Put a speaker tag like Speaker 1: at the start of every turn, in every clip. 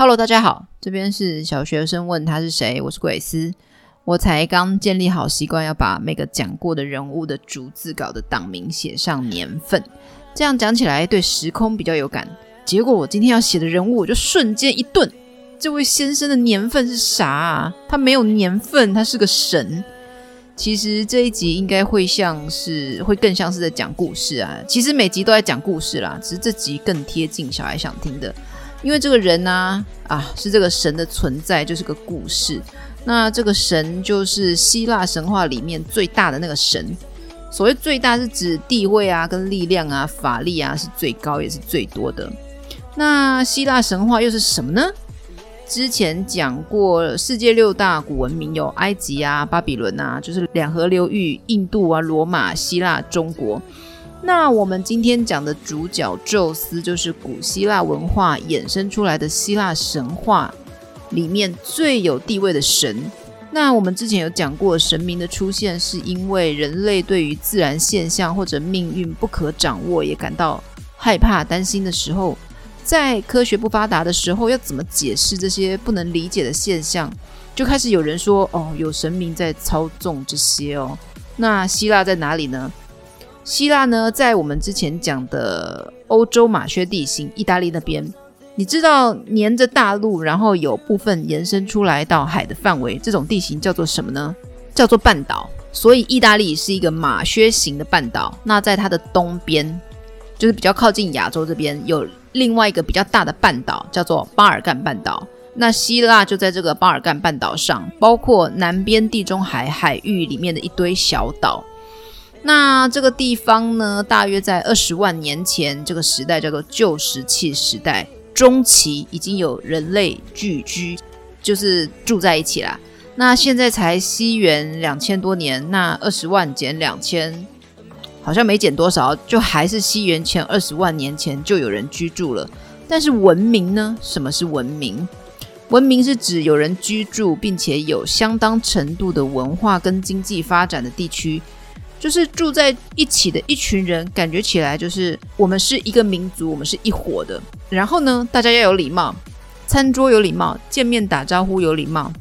Speaker 1: Hello，大家好，這邊是小學生問他是誰，我是鬼斯。我才剛建立好習慣，要把每個講過的人物的逐字稿的檔名寫上年份，這樣講起來對時空比較有感。結果我今天要寫的人物，我就瞬間一頓，這位先生的年份是啥啊？他沒有年份，他是個神。其實這一集應該會像是會更像是在講故事啊，其實每集都在講故事啦，只是這集更貼近小孩想聽的。因為這個人呢，啊，啊，是這個神的存在，就是個故事。那這個神就是希臘神話裡面最大的那個神。所謂最大，是指地位啊、跟力量啊、法力啊，是最高也是最多的。那希臘神話又是什麼呢？之前講過，世界六大古文明有埃及啊、巴比倫啊，就是兩河流域、印度啊、羅馬、希臘、中國。那我們今天講的主角宙斯，就是古希臘文化衍生出來的希臘神話裡面最有地位的神。那我們之前有講過，神明的出現是因為人類對於自然現象或者命運不可掌握，也感到害怕、擔心的時候，在科學不發達的時候，要怎麼解釋這些不能理解的現象，就開始有人說：“哦，有神明在操縱這些哦。”那希臘在哪裡呢？希臘呢，在我們之前講的歐洲馬靴地形，意大利那邊，你知道粘着大陸，然後有部分延伸出來到海的範圍，這種地形叫做什麼呢？叫做半島。所以意大利是一個馬靴型的半島。那在它的東邊，就是比較靠近亞洲這邊，有另外一個比較大的半島，叫做巴爾幹半島。那希臘就在這個巴爾幹半島上，包括南邊地中海海域裡面的一堆小島。那這個地方呢，大約在二十萬年前，這個時代叫做舊石器時代中期，已經有人類聚居，就是住在一起啦。那現在才西元兩千多年，那二十萬減兩千，2000，好像沒減多少，就還是西元前二十萬年前就有人居住了。但是文明呢？什麼是文明？文明是指有人居住，並且有相當程度的文化跟經濟發展的地區。就是住在一起的一群人，感覺起來就是我們是一個民族，我們是一夥的。然後呢，大家要有禮貌，餐桌有禮貌，見面打招呼有禮貌。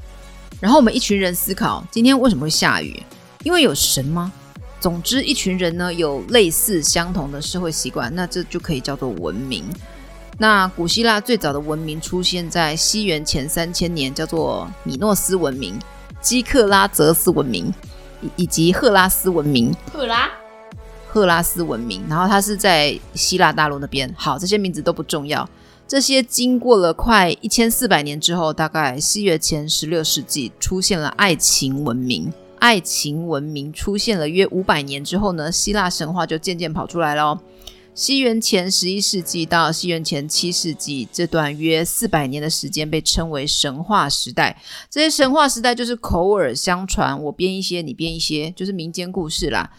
Speaker 1: 然後我們一群人思考，今天為什麼會下雨？因為有神嗎？總之，一群人呢有類似相同的社會習慣，那這就可以叫做文明。那古希臘最早的文明出現在西元前三千年，叫做米諾斯文明，基克拉澤斯文明。以及赫拉斯文明，赫拉，赫拉斯文明，然後它是在希臘大陸那邊。好，這些名字都不重要。這些經過了快一千四百年之後，大概西元前十六世紀出現了愛琴文明，愛琴文明出現了約五百年之後呢，希臘神話就漸漸跑出來咯。西元前十一世紀到西元前七世紀這段約四百年的時間被稱為神話時代。這些神話時代就是口耳相傳，我編一些，你編一些，就是民間故事啦。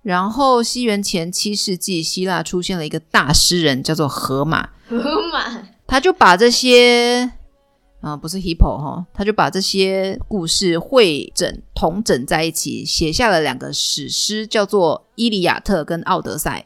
Speaker 1: 然後西元前七世紀，希臘出現了一個大詩人，叫做荷馬。荷馬，他就把這些，啊，不是 Hippo 哈、哦，他就把這些故事匯整、統整在一起，寫下了兩個史詩，叫做《伊利亞特》跟《奧德賽》。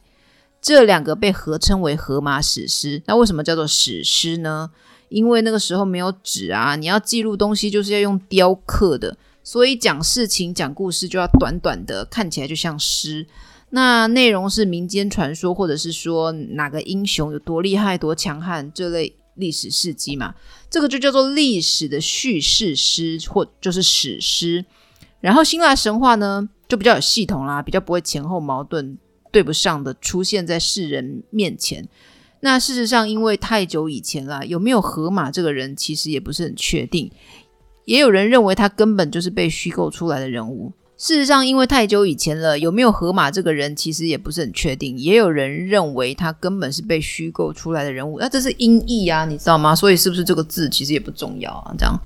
Speaker 1: 這兩個被合稱為荷馬史詩。那為什麼叫做史詩呢？因為那個時候沒有紙啊，你要記錄東西就是要用雕刻的，所以講事情、講故事就要短短的，看起來就像詩。那內容是民間傳說，或者是說哪個英雄有多厲害、多強悍，這類歷史事跡嘛，這個就叫做歷史的敘事詩，或就是史詩。然後希臘神話呢，就比較有系統啦，比較不會前後矛盾。對不上的出現在世人面前，那事實上因為太久以前了，有沒有荷馬這個人其實也不是很確定，也有人認為他根本就是被虛構出來的人物。事實上因為太久以前了，有沒有荷馬這個人其實也不是很確定，也有人認為他根本是被虛構出來的人物。那這是音譯啊，你知道嗎？所以是不是這個字其實也不重要啊？這樣。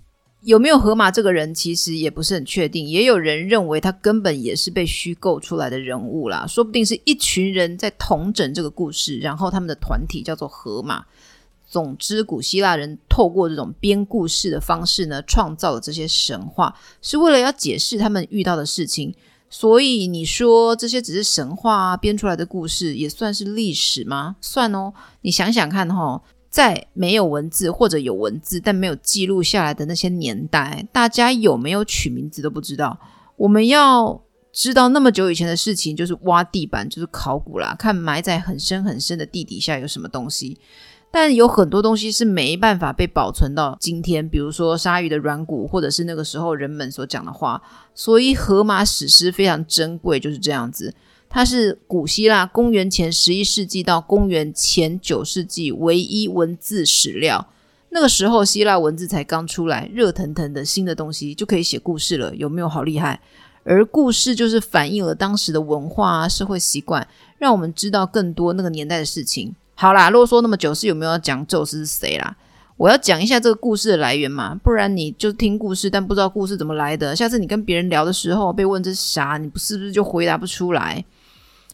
Speaker 1: 有沒有荷馬這個人，其實也不是很確定。也有人認為他根本也是被虛構出來的人物啦，說不定是一群人在統整這個故事，然後他們的團體叫做荷馬。總之，古希臘人透過這種編故事的方式呢，創造了這些神話，是為了要解釋他們遇到的事情。所以你說這些只是神話啊，編出來的故事，也算是歷史嗎？算哦，你想想看哈、哦。在沒有文字或者有文字但沒有記錄下來的那些年代，大家有沒有取名字都不知道。我們要知道那麼久以前的事情，就是挖地板，就是考古啦，看埋在很深很深的地底下有什麼東西。但有很多東西是沒辦法被保存到今天，比如說鯊魚的軟骨，或者是那個時候人們所講的話。所以《荷馬史詩》非常珍貴，就是這樣子。它是古希臘公元前十一世紀到公元前九世紀唯一文字史料。那個時候希臘文字才剛出來，熱騰騰的新的東西就可以寫故事了，有沒有好厲害？而故事就是反映了當時的文化啊、社會習慣，讓我們知道更多那個年代的事情。好啦，囉嗦那麼久，是有沒有要講宙斯是誰啦？我要講一下這個故事的來源嘛，不然你就聽故事，但不知道故事怎麼來的。下次你跟別人聊的時候被問這是啥，你是不是就回答不出來？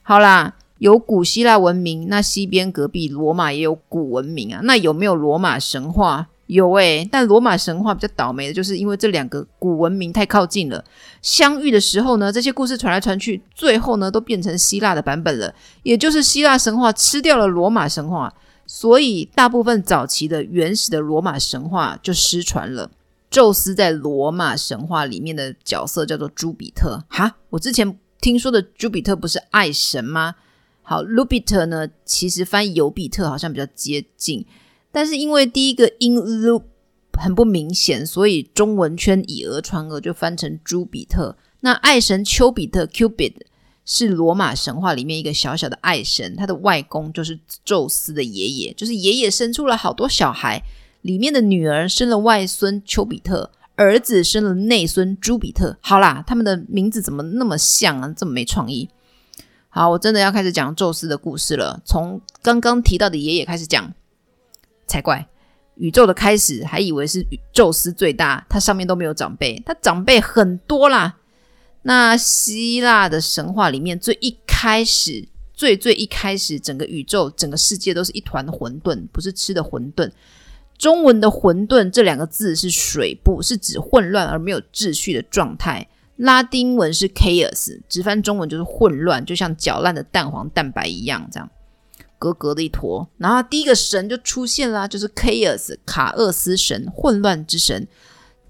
Speaker 1: 好啦，有古希臘文明，那西邊隔壁羅馬也有古文明啊。那有沒有羅馬神話？有誒、欸。但羅馬神話比較倒霉的就是，因為這兩個古文明太靠近了，相遇的時候呢，這些故事傳來傳去，最後呢都變成希臘的版本了，也就是希臘神話吃掉了羅馬神話，所以大部分早期的原始的羅馬神話就失傳了。宙斯在羅馬神話裡面的角色叫做朱比特，哈，我之前。聽說的朱比特不是愛神嗎？好，盧比特呢？其實翻譯尤比特好像比較接近，但是因為第一個音 u 很不明顯，所以中文圈以訛傳訛就翻成朱比特。那愛神丘比特 （Cupid） 是羅馬神話裡面一個小小的愛神，他的外公就是宙斯的爺爺，就是爺爺生出了好多小孩，裡面的女兒生了外孫丘比特。兒子生了內孫朱比特。好啦，他們的名字怎麼那麼像啊？這麼沒創意。好，我真的要開始講宙斯的故事了。從剛剛提到的爺爺開始講，才怪！宇宙的開始，還以為是宙斯最大，他上面都沒有長輩，他長輩很多啦。那希臘的神話裡面，最一開始，最最一開始，整個宇宙、整個世界都是一團混沌，不是吃的混沌。中文的“混沌”這兩個字是水部，是指混亂而沒有秩序的狀態。拉丁文是 chaos，直翻中文就是混亂，就像攪爛的蛋黃蛋白一樣，這樣，格格的一坨。然後第一個神就出現了，就是 chaos，卡厄斯神，混亂之神。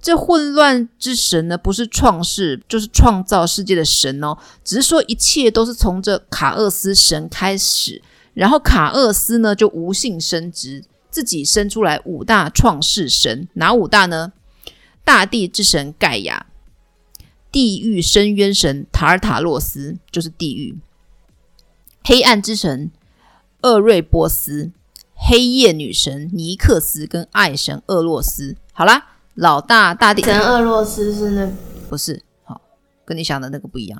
Speaker 1: 這混亂之神呢，不是創世，就是創造世界的神哦。只是說一切都是從這卡厄斯神開始，然後卡厄斯呢就無性生殖。自己生出來五大創世神，哪五大呢？大地之神蓋亞，地獄深淵神塔爾塔洛斯，就是地獄；黑暗之神厄瑞波斯，黑夜女神尼克斯，跟愛神厄洛斯。好啦，老大大地神厄洛斯是那個，不是？好，跟你想的那個不一樣。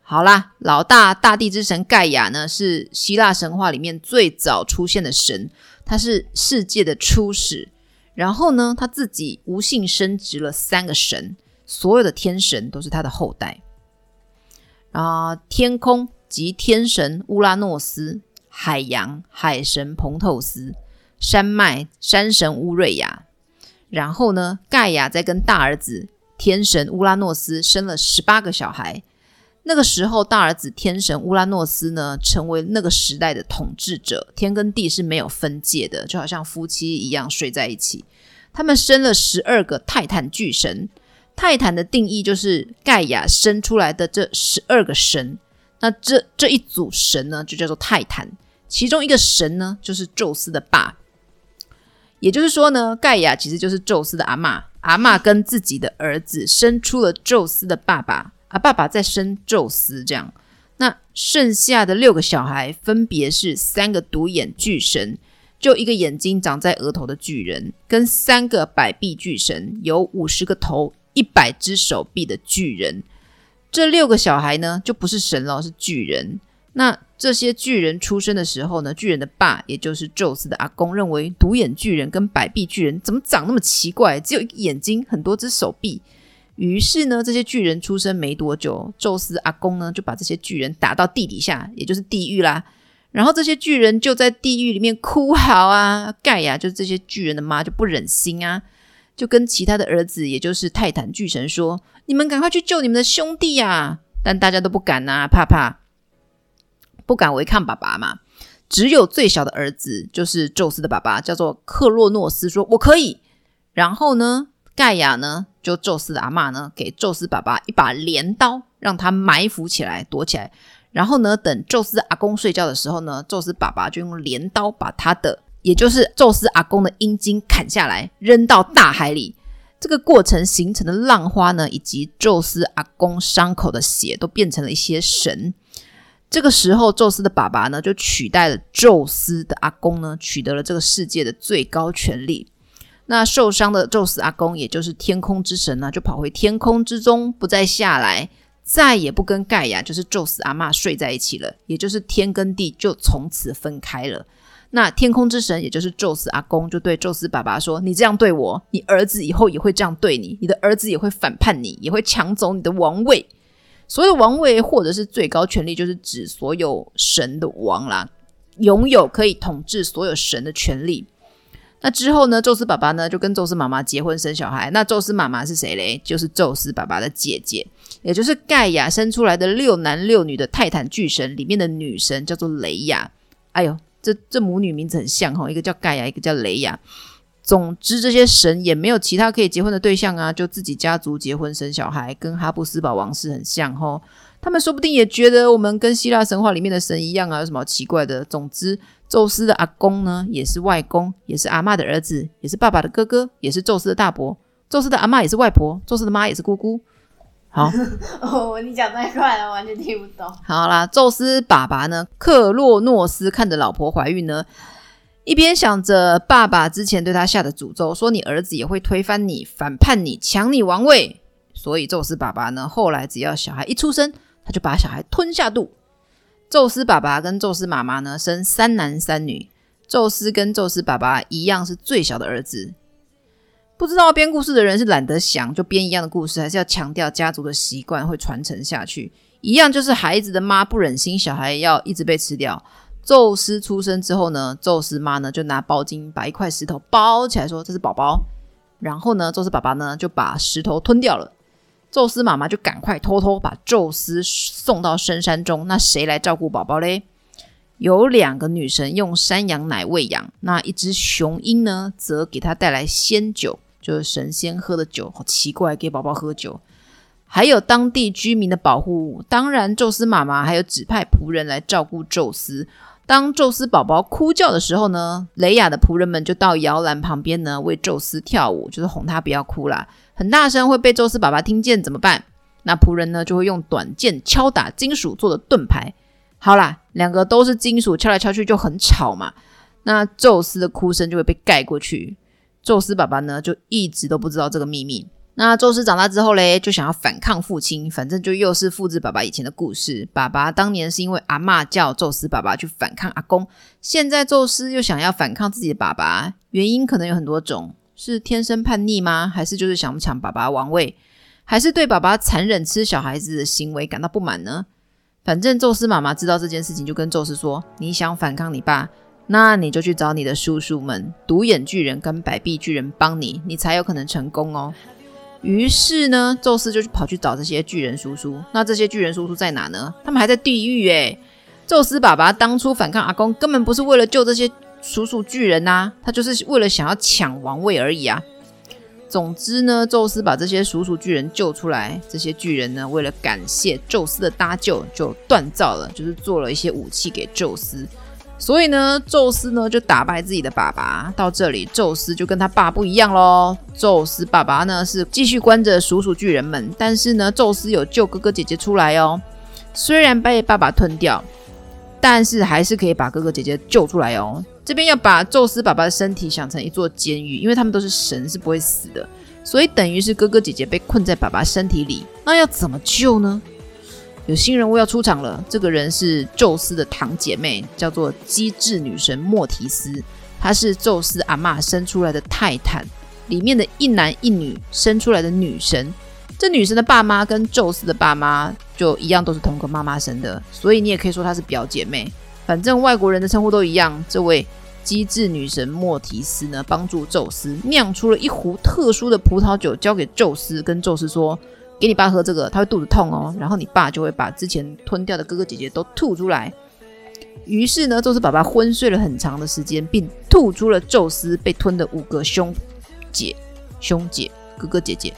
Speaker 1: 好啦，老大大地之神蓋亞呢，是希臘神話裡面最早出現的神。他是世界的初始，然後呢，他自己無性生殖了三個神，所有的天神都是他的後代。然後天空即天神烏拉諾斯，海洋海神蓬透斯，山脈山神烏瑞亞。然後呢，蓋亞在跟大兒子天神烏拉諾斯生了十八個小孩。那個時候，大兒子天神烏拉諾斯呢，成為那個時代的統治者。天跟地是沒有分界的，就好像夫妻一樣睡在一起。他們生了十二個泰坦巨神。泰坦的定義就是蓋亞生出來的這十二個神。那這這一組神呢，就叫做泰坦。其中一個神呢，就是宙斯的爸。也就是說呢，蓋亞其實就是宙斯的阿嬤。阿嬤跟自己的兒子生出了宙斯的爸爸。啊，爸爸在生宙斯這樣，那剩下的六個小孩分別是三個獨眼巨神，就一個眼睛長在額頭的巨人，跟三個百臂巨神，有五十個頭、一百隻手臂的巨人。這六個小孩呢，就不是神了，是巨人。那這些巨人出生的時候呢，巨人的爸，也就是宙斯的阿公，認為獨眼巨人跟百臂巨人怎麼長那麼奇怪，只有一個眼睛，很多隻手臂。於是呢，這些巨人出生沒多久，宙斯阿公呢就把這些巨人打到地底下，也就是地獄啦。然後這些巨人就在地獄裡面哭嚎啊，蓋亞就是這些巨人的媽就不忍心啊，就跟其他的兒子，也就是泰坦巨神說：“你們趕快去救你們的兄弟呀！”但大家都不敢吶，怕怕，不敢違抗爸爸嘛。只有最小的兒子，就是宙斯的爸爸，叫做克洛諾斯，說：“我可以。”然後呢，蓋亞呢？就宙斯的阿嬤呢，給宙斯爸爸一把鐮刀，讓他埋伏起來，躲起來。然後呢，等宙斯阿公睡覺的時候呢，宙斯爸爸就用鐮刀把他的，也就是宙斯阿公的陰莖砍下來，扔到大海裡。這個過程形成的浪花呢，以及宙斯阿公傷口的血，都變成了一些神。這個時候，宙斯的爸爸呢，就取代了宙斯的阿公呢，取得了這個世界的最高權力。那受傷的宙斯阿公，也就是天空之神呢、啊，就跑回天空之中，不再下來，再也不跟蓋亞，就是宙斯阿嬤睡在一起了。也就是天跟地就從此分開了。那天空之神，也就是宙斯阿公，就對宙斯爸爸說：“你這樣對我，你兒子以後也會這樣對你，你的兒子也會反叛你，也會搶走你的王位。所謂的王位，或者是最高權力，就是指所有神的王啦，擁有可以統治所有神的權力。”那之後呢？宙斯爸爸呢，就跟宙斯媽媽結婚生小孩。那宙斯媽媽是誰嘞？就是宙斯爸爸的姐姐，也就是蓋亞生出來的六男六女的泰坦巨神裡面的女神，叫做雷亞。哎呦，這這母女名字很像齁，一個叫蓋亞，一個叫雷亞。總之，這些神也沒有其他可以結婚的對象啊，就自己家族結婚生小孩，跟哈布斯堡王室很像齁。他們說不定也覺得我們跟希臘神話裡面的神一樣啊，有什麼奇怪的。總之。宙斯的阿公呢，也是外公，也是阿嬤的兒子，也是爸爸的哥哥，也是宙斯的大伯。宙斯的阿嬤也是外婆，宙斯的媽也是姑姑。好， 哦，你講太快了，我完全聽不懂。好啦，宙斯爸爸呢，克洛諾斯看着老婆懷孕呢，一邊想着爸爸之前對他下的詛咒，說你兒子也會推翻你、反叛你、搶你王位。所以宙斯爸爸呢，後來只要小孩一出生，他就把小孩吞下肚。宙斯爸爸跟宙斯媽媽呢，生三男三女。宙斯跟宙斯爸爸一樣是最小的兒子。不知道編故事的人是懶得想就編一樣的故事，還是要強調家族的習慣會傳承下去？一樣就是孩子的媽不忍心小孩要一直被吃掉。宙斯出生之後呢，宙斯媽呢就拿包巾把一塊石頭包起來說，說這是寶寶。然後呢，宙斯爸爸呢就把石頭吞掉了。宙斯媽媽就趕快偷偷把宙斯送到深山中。那誰來照顧寶寶嘞？有兩個女神用山羊奶餵養，那一隻雄鷹呢，則給他帶來仙酒，就是神仙喝的酒，好奇怪，給寶寶喝酒。還有當地居民的保護。當然，宙斯媽媽還有指派僕人來照顧宙斯。當宙斯寶寶哭叫的時候呢，雷雅的僕人們就到搖籃旁邊呢，為宙斯跳舞，就是哄他不要哭啦。很大聲會被宙斯爸爸聽見，怎麼辦？那僕人呢就會用短劍敲打金屬做的盾牌。好啦，兩個都是金屬，敲來敲去就很吵嘛。那宙斯的哭聲就會被蓋過去，宙斯爸爸呢就一直都不知道這個秘密。那宙斯長大之後嘞，就想要反抗父親，反正就又是複製爸爸以前的故事。爸爸當年是因為阿嬤叫宙斯爸爸去反抗阿公，現在宙斯又想要反抗自己的爸爸，原因可能有很多種：是天生叛逆嗎？還是就是想搶爸爸王位？還是對爸爸殘忍吃小孩子的行為感到不滿呢？反正宙斯媽媽知道這件事情，就跟宙斯說：“你想反抗你爸，那你就去找你的叔叔們——獨眼巨人跟百臂巨人幫你，你才有可能成功哦。”於是呢，宙斯就去跑去找這些巨人叔叔。那這些巨人叔叔在哪呢？他們還在地獄欸！宙斯爸爸當初反抗阿公，根本不是為了救這些叔叔巨人啊，他就是為了想要搶王位而已啊。總之呢，宙斯把這些叔叔巨人救出來，這些巨人呢，為了感謝宙斯的搭救，就鍛造了，就是做了一些武器給宙斯。所以呢，宙斯呢就打敗自己的爸爸。到這裡，宙斯就跟他爸不一樣嘍。宙斯爸爸呢是繼續關着鼠鼠巨人們，但是呢，宙斯有救哥哥姐姐出來哦。雖然被爸爸吞掉，但是還是可以把哥哥姐姐救出來哦。這邊要把宙斯爸爸的身體想成一座監獄，因為他們都是神，是不會死的。所以等於是哥哥姐姐被困在爸爸身體裡，那要怎麼救呢？有新人物要出場了，這個人是宙斯的堂姐妹，叫做機智女神莫提斯。她是宙斯阿嬤生出來的泰坦裡面的一男一女生出來的女神。這女神的爸媽跟宙斯的爸媽就一樣，都是同個媽媽生的，所以你也可以說她是表姐妹。反正外國人的稱呼都一樣。這位機智女神莫提斯呢，幫助宙斯釀出了一壺特殊的葡萄酒，交給宙斯，跟宙斯說。給你爸喝這個，他會肚子痛哦。然後你爸就會把之前吞掉的哥哥姐姐都吐出來。於是呢，宙斯爸爸昏睡了很長的時間，並吐出了宙斯被吞的五個兄姐、兄姐、哥哥姐姐。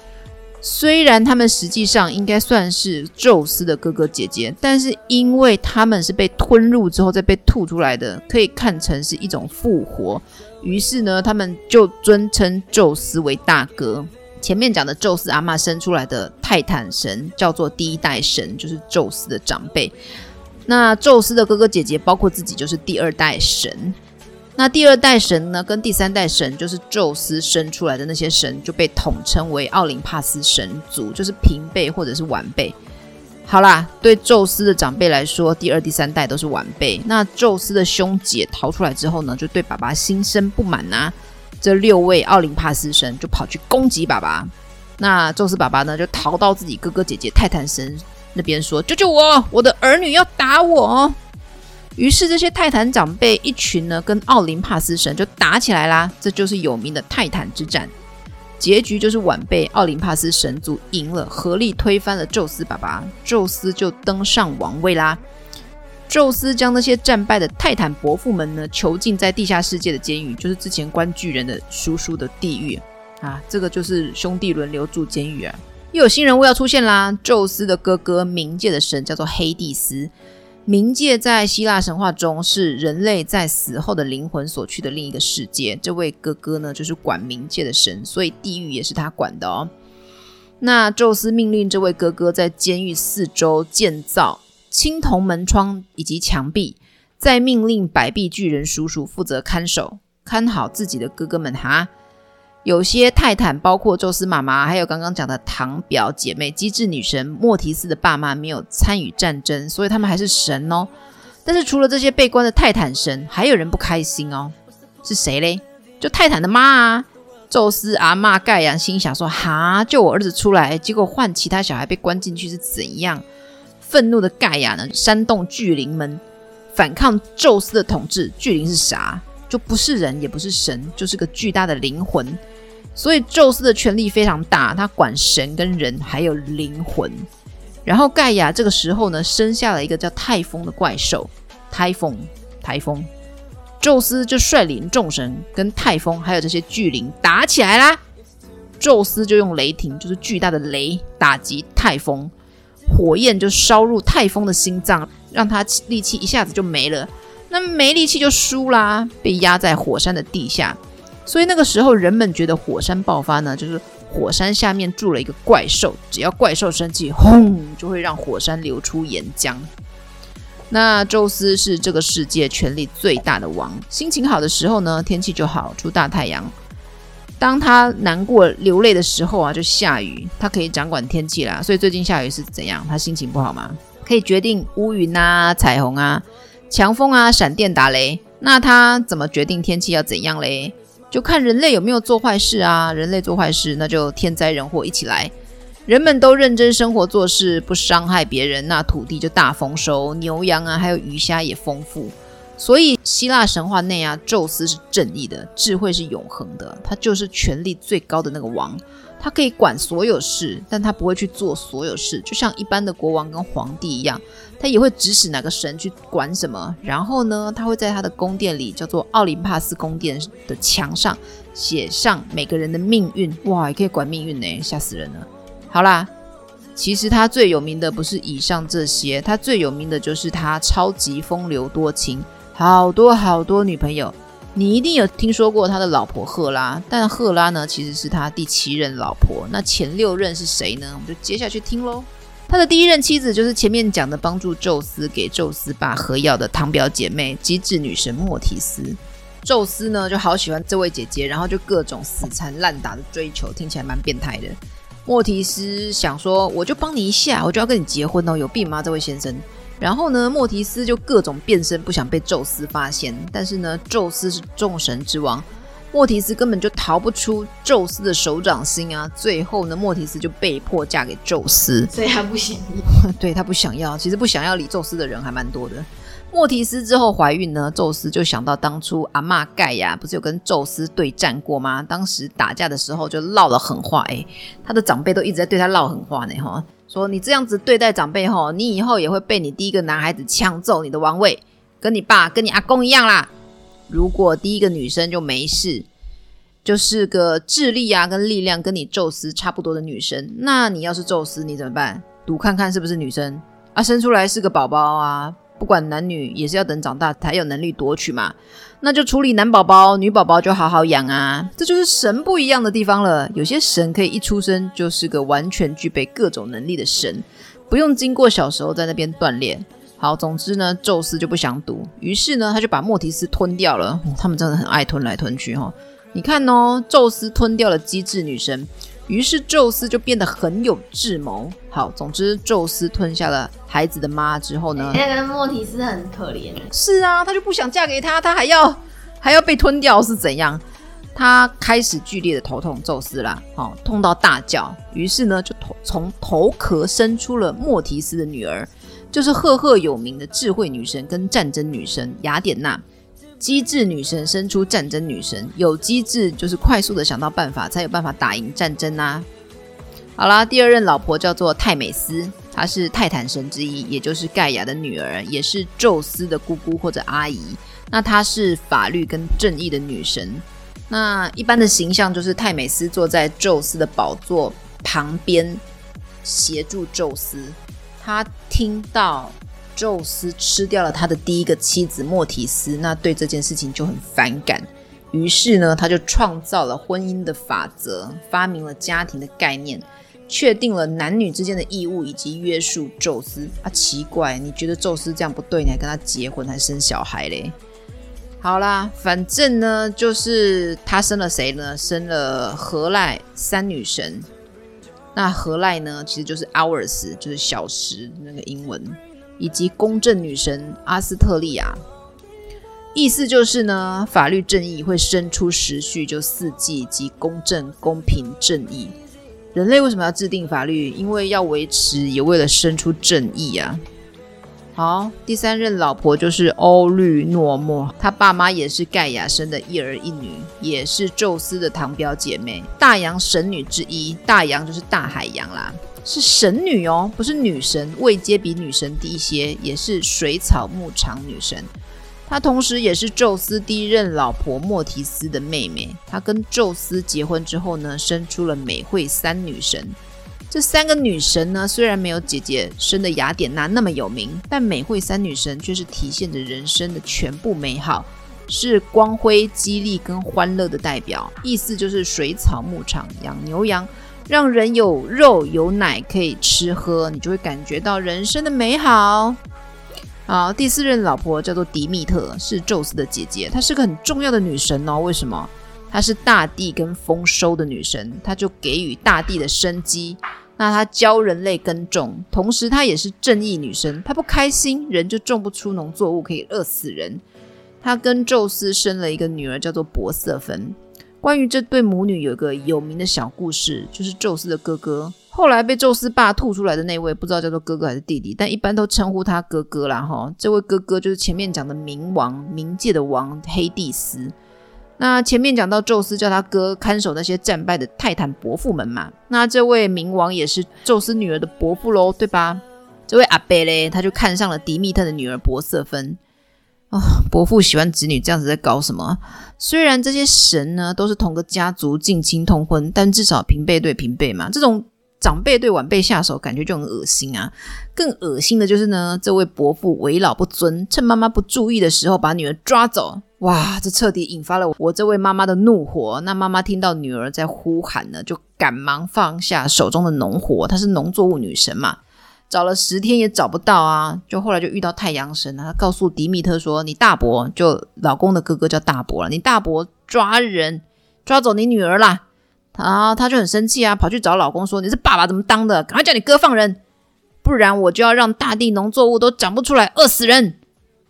Speaker 1: 雖然他們實際上應該算是宙斯的哥哥姐姐，但是因為他們是被吞入之後再被吐出來的，可以看成是一種復活。於是呢，他們就尊稱宙斯為大哥。前面講的宙斯阿嬤生出來的泰坦神叫做第一代神，就是宙斯的長輩。那宙斯的哥哥姐姐包括自己就是第二代神。那第二代神呢，跟第三代神就是宙斯生出來的那些神就被統稱為奧林帕斯神族，就是平輩或者是晚輩。好啦，對宙斯的長輩來說，第二、第三代都是晚輩。那宙斯的兄姐逃出來之後呢，就對爸爸心生不滿吶，啊。這六位奧林帕斯神就跑去攻擊爸爸，那宙斯爸爸呢就逃到自己哥哥姐姐泰坦神那邊說：“救救我，我的兒女要打我。”於是這些泰坦長輩一群呢跟奧林帕斯神就打起來啦，這就是有名的泰坦之戰。結局就是晚輩奧林帕斯神族贏了，合力推翻了宙斯爸爸，宙斯就登上王位啦。宙斯將那些戰敗的泰坦伯父們呢囚禁在地下世界的監獄，就是之前關巨人的叔叔的地獄啊。這個就是兄弟輪流住監獄啊。又有新人物要出現啦，宙斯的哥哥，冥界的神叫做黑帝斯。冥界在希臘神話中是人類在死後的靈魂所去的另一個世界。這位哥哥呢，就是管冥界的神，所以地獄也是他管的哦。那宙斯命令這位哥哥在監獄四周建造青銅門窗以及牆壁，再命令百臂巨人叔叔負責看守，看好自己的哥哥們哈。有些泰坦，包括宙斯媽媽，還有剛剛講的堂表姐妹、機智女神莫提斯的爸媽，沒有參與戰爭，所以他們還是神哦。但是除了這些被關的泰坦神，還有人不開心哦。是誰嘞？就泰坦的媽啊，宙斯阿嬤蓋亞，心想說哈，救我兒子出來，結果換其他小孩被關進去是怎樣？憤怒的蓋亞呢，煽動巨靈們反抗宙斯的統治。巨靈是啥？就不是人，也不是神，就是個巨大的靈魂。所以宙斯的權力非常大，他管神跟人，還有靈魂。然後蓋亞這個時候呢，生下了一個叫泰風的怪獸。泰風，台風，宙斯就率領眾神跟泰風，還有這些巨靈打起來啦。宙斯就用雷霆，就是巨大的雷，打擊泰風。火焰就燒入泰風的心臟，讓他力氣一下子就沒了。那沒力氣就輸啦，被壓在火山的地下。所以那個時候，人們覺得火山爆發呢，就是火山下面住了一個怪獸，只要怪獸生氣，轟就會讓火山流出岩漿。那宙斯是這個世界權力最大的王，心情好的時候呢，天氣就好，出大太陽。當他難過流淚的時候啊，就下雨。他可以掌管天氣啦，所以最近下雨是怎樣？他心情不好嗎？可以決定烏雲啊、彩虹啊、強風啊、閃電打雷。那他怎麼決定天氣要怎樣嘞？就看人類有沒有做壞事啊。人類做壞事，那就天災人禍一起來。人們都認真生活做事，不傷害別人，那土地就大豐收，牛羊啊，還有魚蝦也豐富。所以希臘神話內啊，宙斯是正義的，智慧是永恆的，他就是權力最高的那個王，他可以管所有事，但他不會去做所有事，就像一般的國王跟皇帝一樣，他也會指使哪個神去管什麼。然後呢，他會在他的宮殿裡，叫做奧林帕斯宮殿的牆上寫上每個人的命運，哇，也可以管命運呢、欸，嚇死人了。好啦，其實他最有名的不是以上這些，他最有名的就是他超級風流多情。好多好多女朋友，你一定有聽說過他的老婆赫拉，但赫拉呢，其實是他第七任老婆。那前六任是誰呢？我們就接下去聽嘍。他的第一任妻子就是前面講的幫助宙斯給宙斯爸喝藥的堂表姐妹機智女神莫提斯。宙斯呢，就好喜歡這位姐姐，然後就各種死纏爛打的追求，聽起來蠻變態的。莫提斯想說，我就幫你一下，我就要跟你結婚哦，有病嗎？這位先生。然後呢，莫提斯就各種變身，不想被宙斯發現。但是呢，宙斯是眾神之王，莫提斯根本就逃不出宙斯的手掌心啊！最後呢，莫提斯就被迫嫁給宙斯。所以他不想要。 對，他不想要，其實不想要理宙斯的人還蠻多的。莫提斯之後懷孕呢，宙斯就想到當初阿瑪蓋亞不是有跟宙斯對戰過嗎？當時打架的時候就嘮了狠話誒，誒他的長輩都一直在對他嘮狠話呢，哈。說你這樣子對待長輩吼，你以後也會被你第一個男孩子搶走你的王位，跟你爸，跟你阿公一樣啦。如果第一個女生就沒事，就是個智力啊跟力量跟你宙斯差不多的女生，那你要是宙斯，你怎麼辦？賭看看是不是女生啊？生出來是個寶寶啊，不管男女也是要等長大才有能力奪取嘛。那就處理男寶寶，女寶寶就好好養啊，這就是神不一樣的地方了。有些神可以一出生就是個完全具備各種能力的神，不用經過小時候在那邊鍛鍊。好，總之呢，宙斯就不想賭，於是呢，他就把莫提斯吞掉了。哦，他們真的很愛吞來吞去哈哦。你看哦，宙斯吞掉了機智女神。於是宙斯就變得很有智謀。好，總之，宙斯吞下了孩子的媽之後呢？那個、欸、莫提斯很可憐。是啊，他就不想嫁給他，他還要還要被吞掉是怎樣？他開始劇烈的頭痛，宙斯啦，好痛到大叫。於是呢，就從頭從頭殼生出了莫提斯的女兒，就是赫赫有名的智慧女神跟戰爭女神雅典娜。機智女神生出戰爭女神，有機智就是快速地想到辦法，才有辦法打贏戰爭啦、啊。好啦，第二任老婆叫做泰美斯，她是泰坦神之一，也就是蓋亞的女兒，也是宙斯的姑姑或者阿姨。那她是法律跟正義的女神。那一般的形象就是泰美斯坐在宙斯的寶座旁邊協助宙斯，她聽到。宙斯吃掉了他的第一個妻子莫提斯，那對這件事情就很反感。於是呢，他就創造了婚姻的法則，發明了家庭的概念，確定了男女之間的義務以及約束。宙斯啊，奇怪，你覺得宙斯這樣不對，你還跟他結婚還生小孩嘞？好啦，反正呢，就是他生了誰呢？生了何賴三女神。那何賴呢？其實就是 hours，就是小時那個英文。以及公正女神阿斯特利亞，意思就是呢，法律正義會生出時序，就四季即公正、公平、正義。人類為什麼要制定法律？因為要維持，也為了生出正義啊。好，第三任老婆就是歐律諾墨，她爸媽也是蓋亞生的一兒一女，也是宙斯的堂表姐妹，大洋神女之一，大洋就是大海洋啦。是神女哦，不是女神，位階比女神低一些，也是水草牧場女神。她同時也是宙斯第一任老婆墨提斯的妹妹。她跟宙斯結婚之後呢，生出了美惠三女神。這三個女神呢，雖然沒有姐姐生的雅典娜那麼有名，但美惠三女神卻是體現着人生的全部美好，是光輝、激勵跟歡樂的代表。意思就是水草牧場養牛羊。讓人有肉有奶可以吃喝，你就會感覺到人生的美好。好，第四任老婆叫做迪密特，是宙斯的姐姐，她是個很重要的女神哦。為什麼？她是大地跟豐收的女神，她就給予大地的生機。那她教人類耕種，同時她也是正義女神。她不開心，人就種不出農作物，可以餓死人。她跟宙斯生了一個女兒，叫做博瑟芬。關於這對母女，有一個有名的小故事，就是宙斯的哥哥，後來被宙斯爸吐出來的那位，不知道叫做哥哥還是弟弟，但一般都稱呼他哥哥啦齁。這位哥哥就是前面講的冥王，冥界的王黑帝斯。那前面講到宙斯叫他哥，看守那些戰敗的泰坦伯父們嘛。那這位冥王也是宙斯女兒的伯父嘍，對吧？這位阿伯咧，他就看上了狄蜜特的女兒珀瑟芬。啊、哦，伯父喜歡子女這樣子在搞什麼？雖然這些神呢都是同個家族近親通婚，但至少平輩對平輩嘛，這種長輩對晚輩下手，感覺就很噁心啊！更噁心的就是呢，這位伯父為老不尊，趁媽媽不注意的時候把女兒抓走，哇，這徹底引發了我這位媽媽的怒火。那媽媽聽到女兒在呼喊呢，就趕忙放下手中的農活，她是農作物女神嘛。找了十天也找不到啊！就後來就遇到太陽神了，他告訴迪米特說：“你大伯，就老公的哥哥叫大伯了。你大伯抓人，抓走你女兒啦！他他就很生氣啊，跑去找老公說：‘你是爸爸怎麼當的？趕快叫你哥放人，不然我就要讓大地農作物都長不出來，餓死人！’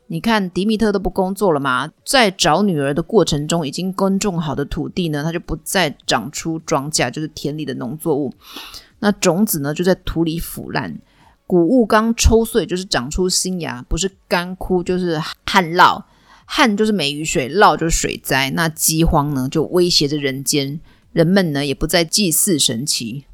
Speaker 1: 你看迪米特都不工作了嘛，在找女兒的過程中，已經耕種好的土地呢，他就不再長出莊稼，就是田裡的農作物，那種子呢就在土裡腐爛。”穀物剛抽穗，就是長出新芽，不是乾枯就是旱澇，旱就是沒雨水，澇就是水災。那饑荒呢，就威脅着人間，人們呢也不再祭祀神祇，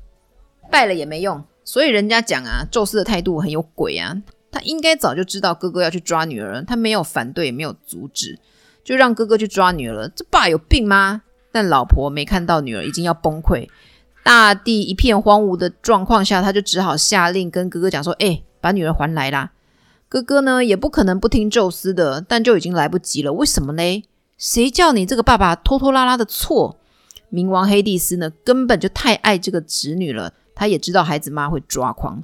Speaker 1: 拜了也沒用。所以人家講啊，宙斯的態度很有鬼啊，他應該早就知道哥哥要去抓女兒，他沒有反對，也沒有阻止，就讓哥哥去抓女兒了。這爸有病嗎？但老婆沒看到女兒，已經要崩潰。大地一片荒蕪的狀況下，他就只好下令跟哥哥講說：“誒、欸，把女兒還來啦！”哥哥呢，也不可能不聽宙斯的，但就已經來不及了。為什麼呢？誰叫你這個爸爸拖拖拉拉的錯？冥王黑帝斯呢，根本就太愛這個侄女了，他也知道孩子媽會抓狂，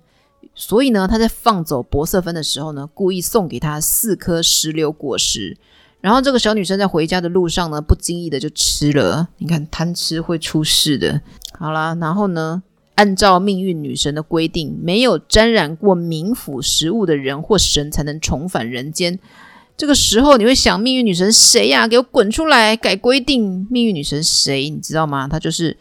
Speaker 1: 所以呢，他在放走珀瑟芬的時候呢，故意送給她四顆石榴果實。然後這個小女生在回家的路上呢，不經意的就吃了。你看，貪吃會出事的。好啦，然後呢，按照命運女神的規定，沒有沾染過冥府食物的人或神才能重返人間。這個時候你會想，命運女神誰呀、啊？給我滾出來！改規定，命運女神誰？你知道嗎？她就是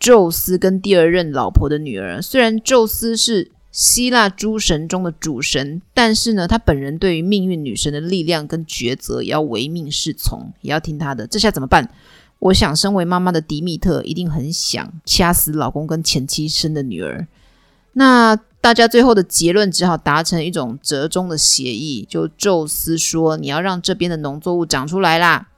Speaker 1: 宙斯跟第二任老婆的女兒。雖然宙斯是。希臘諸神中的主神，但是呢，他本人對於命運女神的力量跟抉擇也要唯命是從，也要聽他的。這下怎麼辦？我想，身為媽媽的迪密特一定很想掐死老公跟前妻生的女兒。那大家最後的結論只好達成一種折中的協議，就宙斯說：“你要讓這邊的農作物長出來啦。”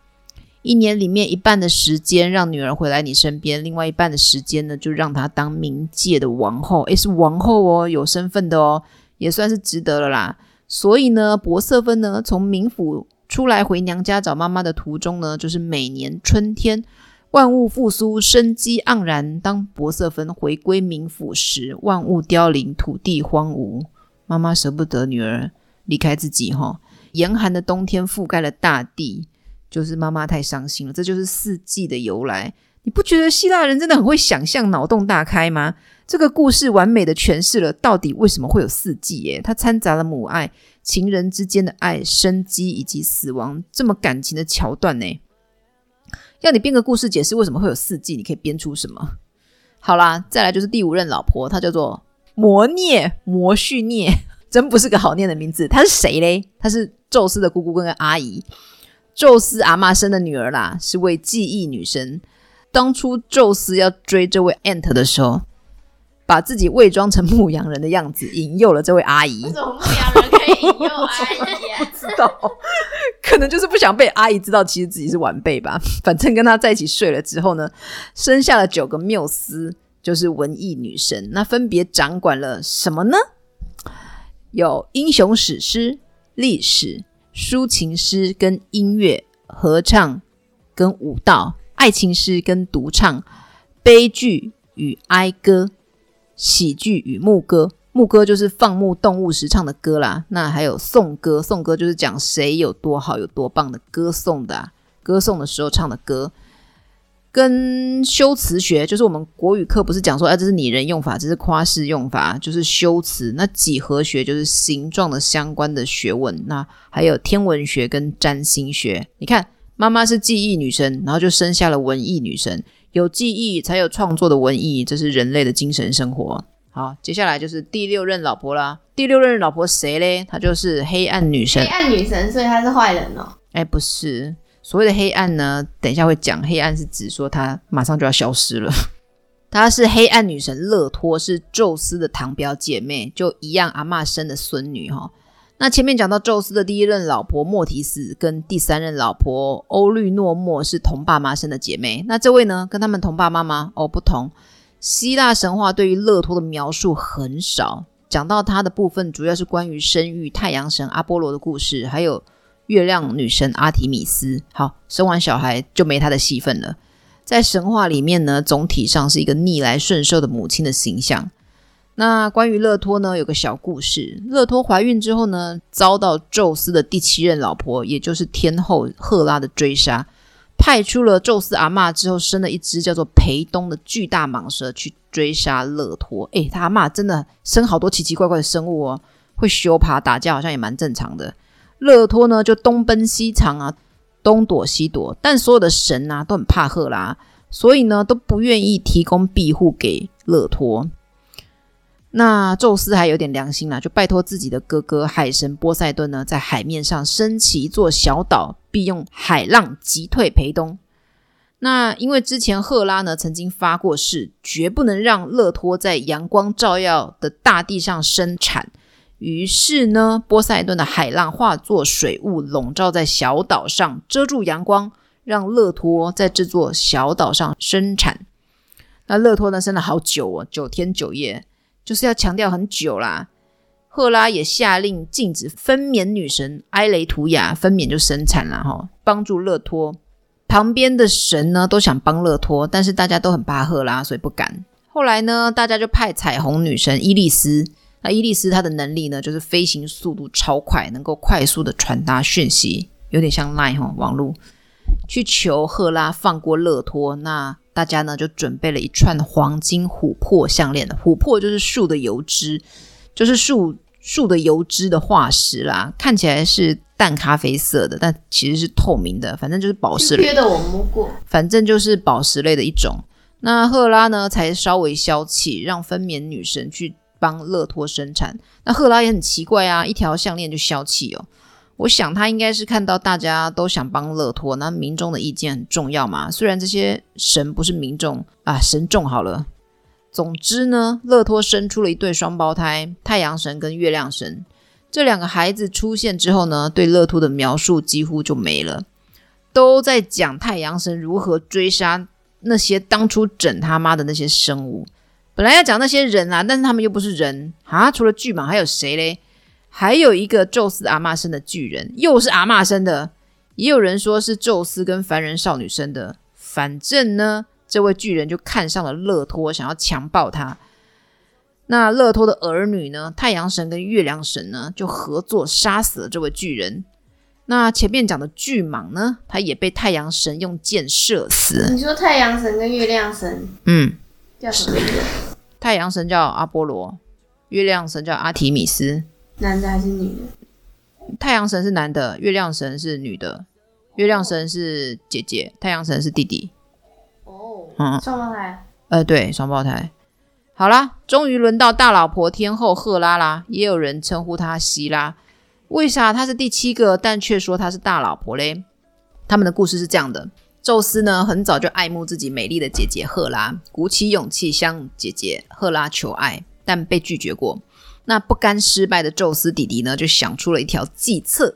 Speaker 1: 一年裡面一半的時間讓女兒回來你身邊，另外一半的時間呢就讓她當冥界的王後，誒是王后哦，有身份的哦，也算是值得了啦。所以呢，博瑟芬呢從冥府出來回娘家找媽媽的途中呢，就是每年春天萬物復甦，生機盎然。當博瑟芬回歸冥府時，萬物凋零，土地荒蕪。媽媽捨不得女兒離開自己，哈，嚴寒的冬天覆蓋了大地。就是媽媽太傷心了，這就是四季的由來。你不覺得希臘人真的很會想象，腦洞大開嗎？這個故事完美地詮釋了到底為什麼會有四季耶！它摻雜了母愛、情人之間的愛、生機以及死亡這麼感情的橋段呢。要你編個故事解釋為什麼會有四季，你可以編出什麼？好啦，再來就是第五任老婆，她叫做摩涅摩緒涅，真不是個好念的名字。她是誰嘞？她是宙斯的姑姑跟阿姨。宙斯阿嬤生的女兒啦，是位記憶女神。當初宙斯要追這位 Aunt 的時候，把自己偽裝成牧羊人的樣子，引誘了這位阿姨。為什麼牧羊人可以引誘阿姨啊？ 不知道，可能就是不想被阿姨知道其實自己是晚輩吧。反正跟他在一起睡了之後呢，生下了九個繆斯，就是文藝女神。那分別掌管了什麼呢？有英雄史詩、歷史。抒情詩跟音樂，合唱跟舞蹈，愛情詩跟獨唱，悲劇與哀歌，喜劇與牧歌。牧歌就是放牧動物時唱的歌啦。那還有頌歌，頌歌就是講誰有多好、有多棒的歌頌的，啊，歌頌的時候唱的歌。跟修辭學就是我們國語課不是講說，啊，這是擬人用法，這是誇飾用法，就是修辭。那幾何學就是形狀的相關的學問。那還有天文學跟占星學。你看，媽媽是記憶女神，然後就生下了文藝女神。有記憶才有創作的文藝，這是人類的精神生活。好，接下來就是第六任老婆啦。第六任老婆誰嘞？她就是黑暗女神。黑暗女神，所以她是壞人哦？誒、欸，不是。所謂的黑暗呢，等一下會講。黑暗是指說她馬上就要消失了。她 是黑暗女神勒托，是宙斯的堂表姐妹，就一樣阿嬤生的孫女哈。那前面講到宙斯的第一任老婆莫提斯跟第三任老婆歐律諾墨是同爸媽生的姐妹，那這位呢跟他們同爸媽嗎？哦，不同。希臘神話對於勒托的描述很少，講到他的部分主要是關於生育太陽神阿波羅的故事，還有。月亮女神阿提米斯，好，生完小孩就沒她的戲份了。在神話裡面呢，總體上是一個逆來順受的母親的形象。那關於勒托呢，有個小故事：勒托懷孕之後呢，遭到宙斯的第七任老婆，也就是天後赫拉的追殺，派出了宙斯阿嬤之後生了一隻叫做培東的巨大蟒蛇去追殺勒托。誒，他阿嬤真的生好多奇奇怪怪的生物哦，會修爬打架，好像也蠻正常的。勒托呢就東奔西藏啊，東躲西躲，但所有的神啊都很怕赫拉，所以呢都不願意提供庇護給勒托。那宙斯還有點良心了啊，就拜托自己的哥哥海神波塞頓呢，在海面上升起一座小島，必用海浪擊退培東。那因為之前赫拉呢曾經發過誓，絕不能讓勒托在陽光照耀的大地上生產。於是呢，波塞冬的海浪化作水霧，籠罩在小島上，遮住陽光，讓勒托在這座小島上生產。那勒托呢，生了好久哦，九天九夜，就是要強調很久啦。赫拉也下令禁止分娩女神埃雷圖雅分娩，就生產了哈，哦、幫助勒托。旁邊的神呢，都想幫勒托，但是大家都很怕赫拉，所以不敢。後來呢，大家就派彩虹女神伊利斯。那伊麗絲她的能力呢，就是飛行速度超快，能夠快速的傳達訊息，有點像 line 哈、哦、網絡。去求赫拉放過勒托，那大家呢就準備了一串黃金琥珀項鏈的，琥珀就是樹的油脂，就是樹樹的油脂的化石啦，看起來是淡咖啡色的，但其實是透明的，反正就是寶石類的。我摸過，反正就是寶石類的一種。那赫拉呢才稍微消氣，讓分娩女神去。幫勒托生產，那赫拉也很奇怪啊，一條項鏈就消氣哦。我想他應該是看到大家都想幫勒托，那民眾的意見很重要嘛。雖然這些神不是民眾啊，神眾好了。總之呢，勒托生出了一對雙胞胎，太陽神跟月亮神。這兩個孩子出現之後呢，對勒托的描述幾乎就沒了，都在講太陽神如何追殺那些當初整他媽的那些生物。本來要講那些人啊，但是他們又不是人啊！除了巨蟒還有誰嘞？還有一個宙斯阿嬤生的巨人，又是阿嬤生的，也有人說是宙斯跟凡人少女生的。反正呢，這位巨人就看上了樂托，想要強暴他。那樂托的兒女呢？太陽神跟月亮神呢？就合作殺死了這位巨人。那前面講的巨蟒呢？他也被太陽神用箭射死。你說太陽神跟月亮神？嗯，叫什麼呢？太陽神叫阿波羅，月亮神叫阿提米斯。男的還是女的？太陽神是男的，月亮神是女的。月亮神是姐姐，太陽神是弟弟。哦，oh, 嗯，雙胞胎，啊。呃，對，雙胞胎。好啦，終於輪到大老婆天後赫拉啦。也有人稱呼她希拉。為啥她是第七個，但卻說她是大老婆嘞？他們的故事是這樣的。宙斯呢，很早就愛慕自己美麗的姐姐赫拉，鼓起勇氣向姐姐赫拉求愛，但被拒絕過。那不甘失敗的宙斯弟弟呢，就想出了一條計策，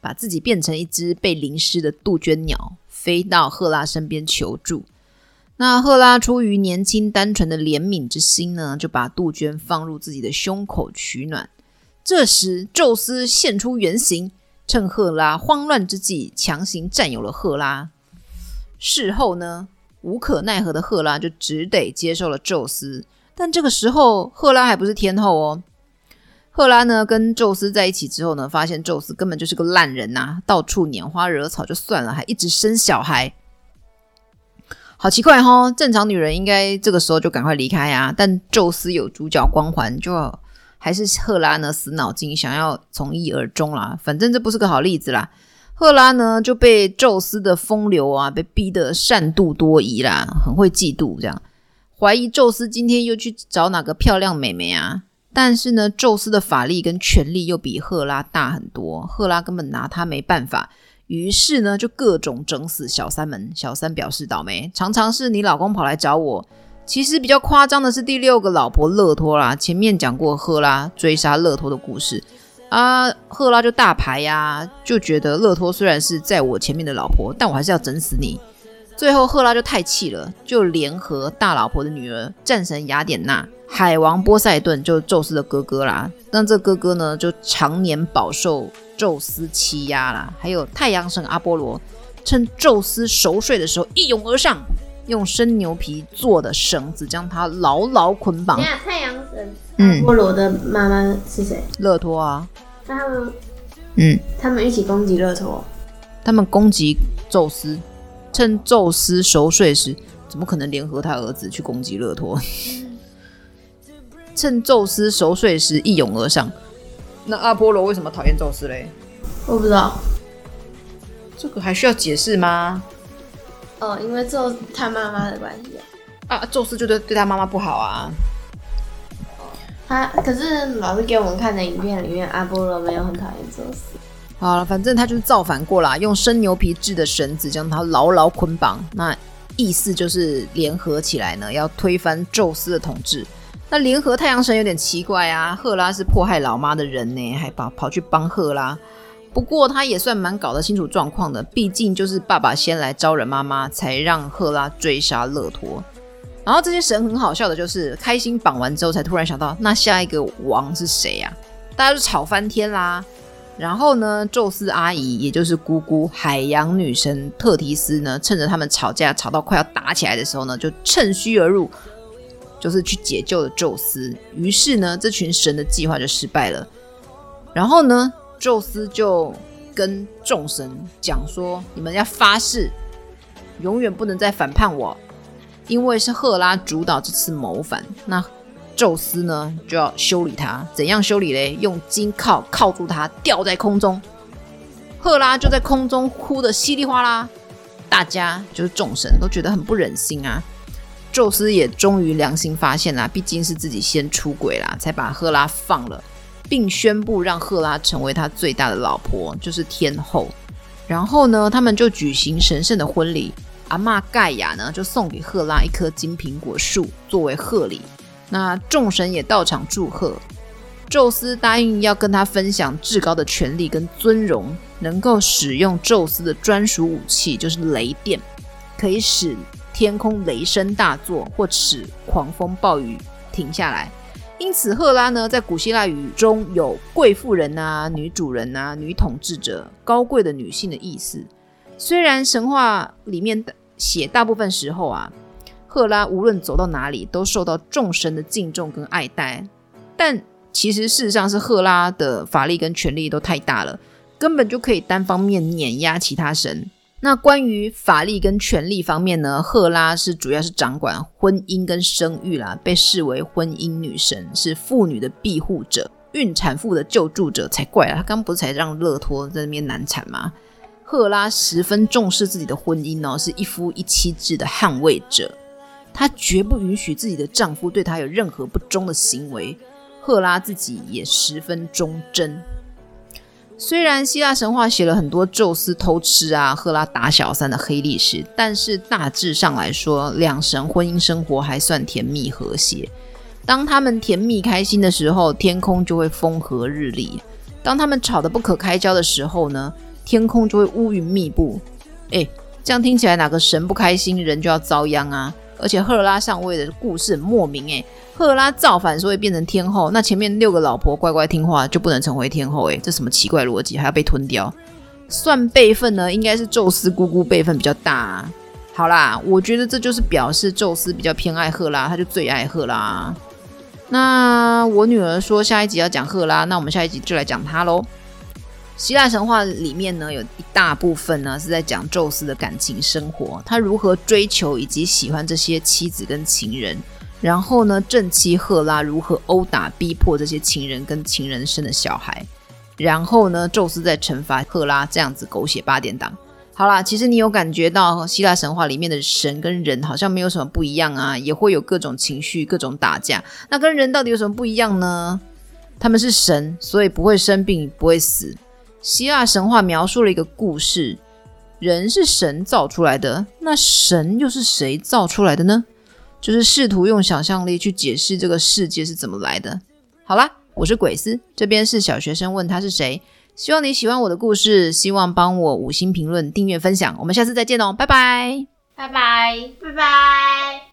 Speaker 1: 把自己變成一隻被淋濕的杜鵑鳥，飛到赫拉身邊求助。那赫拉出於年輕單純的憐憫之心呢，就把杜鵑放入自己的胸口取暖。這時，宙斯現出原形，趁赫拉慌亂之際，強行佔有了赫拉。事後呢，無可奈何的赫拉就只得接受了宙斯。但這個時候，赫拉還不是天后哦。赫拉呢，跟宙斯在一起之後呢，發現宙斯根本就是個爛人呐、啊，到處拈花惹草就算了，還一直生小孩，好奇怪哈、哦！正常女人應該這個時候就趕快離開啊，但宙斯有主角光環，就還是赫拉呢死腦筋，想要從一而終啦。反正這不是個好例子啦。赫拉呢就被宙斯的風流啊，被逼得善妒多疑啦，很會嫉妒，這樣懷疑宙斯今天又去找哪個漂亮妹妹啊？但是呢，宙斯的法力跟權力又比赫拉大很多，赫拉根本拿他沒辦法。於是呢，就各種整死小三們，小三表示倒霉。常常是你老公跑來找我。其實比較誇張的是第六個老婆勒托啦，前面講過赫拉追殺勒托的故事。啊，赫拉就大牌呀、啊，就覺得勒托雖然是在我前面的老婆，但我還是要整死你。最後，赫拉就太氣了，就聯合大老婆的女兒戰神雅典娜、海王波塞頓，就宙斯的哥哥啦，讓這哥哥呢就常年飽受宙斯欺壓啦。還有太陽神阿波羅，趁宙斯熟睡的時候一擁而上。用生牛皮做的繩子將它牢牢捆綁。太陽神阿、啊嗯、波羅的媽媽是誰？勒托啊。那他們……嗯，他們一起攻擊勒托。他們攻擊宙斯，趁宙斯熟睡時，怎麼可能聯合他兒子去攻擊勒托？嗯、趁宙斯熟睡時一擁而上。那阿波羅為什麼討厭宙斯嘞？我不知道。這個還需要解釋嗎？哦，因為宙斯他媽媽的關係啊，啊，宙斯就對對他媽媽不好啊。他、啊、可是老師給我們看的影片裡面，阿波羅沒有很討厭宙斯。好了，反正他就是造反過了，用生牛皮製的繩子將他牢牢捆綁。那意思就是聯合起來呢，要推翻宙斯的統治。那聯合太陽神有點奇怪啊，赫拉是迫害老媽的人呢、欸，還跑跑去幫赫拉。不過他也算蠻搞得清楚狀況的，畢竟就是爸爸先來招惹媽媽，才讓赫拉追殺勒托。然後這些神很好笑的就是，開心綁完之後，才突然想到那下一個王是誰呀？大家就吵翻天啦。然後呢，宙斯阿姨也就是姑姑海洋女神特提斯呢，趁着他們吵架吵到快要打起來的時候呢，就趁虛而入，就是去解救了宙斯。於是呢，這群神的計劃就失敗了。然後呢，宙斯就跟眾神講說：“你們要發誓，永遠不能再反叛我，因為是赫拉主導這次謀反。那宙斯呢，就要修理他，怎樣修理嘞？用金銬銬住他，吊在空中。赫拉就在空中哭得稀里嘩啦，大家就是眾神都覺得很不忍心啊。宙斯也終於良心發現啦，畢竟是自己先出軌啦，才把赫拉放了。”並宣布讓赫拉成為他最大的老婆，就是天後。然後呢，他們就舉行神聖的婚禮。阿嬤蓋亞呢，就送給赫拉一棵金蘋果樹作為賀禮。那眾神也到場祝賀。宙斯答應要跟他分享至高的權力跟尊榮，能夠使用宙斯的專屬武器，就是雷電，可以使天空雷聲大作，或使狂風暴雨停下來。因此，赫拉呢，在古希臘語中有貴婦人啊、女主人啊、女統治者、高貴的女性的意思。雖然神話裡面寫大部分時候啊，赫拉無論走到哪裡都受到眾神的敬重跟愛戴，但其實事實上是赫拉的法力跟權力都太大了，根本就可以單方面碾壓其他神。那關於法力跟權力方面呢？赫拉是主要是掌管婚姻跟生育啦，被視為婚姻女神，是婦女的庇護者、孕產婦的救助者才怪啊！她剛不是才讓勒托在那邊難產嗎？赫拉十分重視自己的婚姻哦，是一夫一妻制的捍衛者，她絕不允許自己的丈夫對她有任何不忠的行為。赫拉自己也十分忠貞。雖然希臘神話寫了很多宙斯偷吃啊、赫拉打小三的黑歷史，但是大致上來說，兩神婚姻生活還算甜蜜和諧。當他們甜蜜開心的時候，天空就會風和日麗；當他們吵得不可開交的時候呢，天空就會烏雲密布。哎、欸，這樣聽起來，哪個神不開心，人就要遭殃啊！而且赫拉上位的故事很莫名，欸、赫拉造反所以變成天後，那前面六個老婆乖乖聽話就不能成為天後，哎、欸，這什麼奇怪的邏輯還要被吞掉？算輩分呢，應該是宙斯姑姑輩分比較大。好啦，我覺得這就是表示宙斯比較偏愛赫拉，他就最愛赫拉。那我女兒說下一集要講赫拉，那我們下一集就來講她嘍。希臘神話裡面呢，有一大部分呢是在講宙斯的感情生活，他如何追求以及喜歡這些妻子跟情人，然後呢，正妻赫拉如何毆打、逼迫這些情人跟情人生的小孩，然後呢，宙斯在懲罰赫拉這樣子狗血八點檔。好啦，其實你有感覺到希臘神話裡面的神跟人好像沒有什麼不一樣啊，也會有各種情緒、各種打架，那跟人到底有什麼不一樣呢？他們是神，所以不會生病，不會死。希臘神話描述了一個故事：人是神造出來的，那神又是誰造出來的呢？就是試圖用想象力去解釋這個世界是怎麼來的。好啦，我是鬼斯，這邊是小學生問他是誰。希望你喜歡我的故事，希望幫我五星評論、訂閱、分享。我們下次再見哦，拜拜，拜拜，拜拜。拜拜。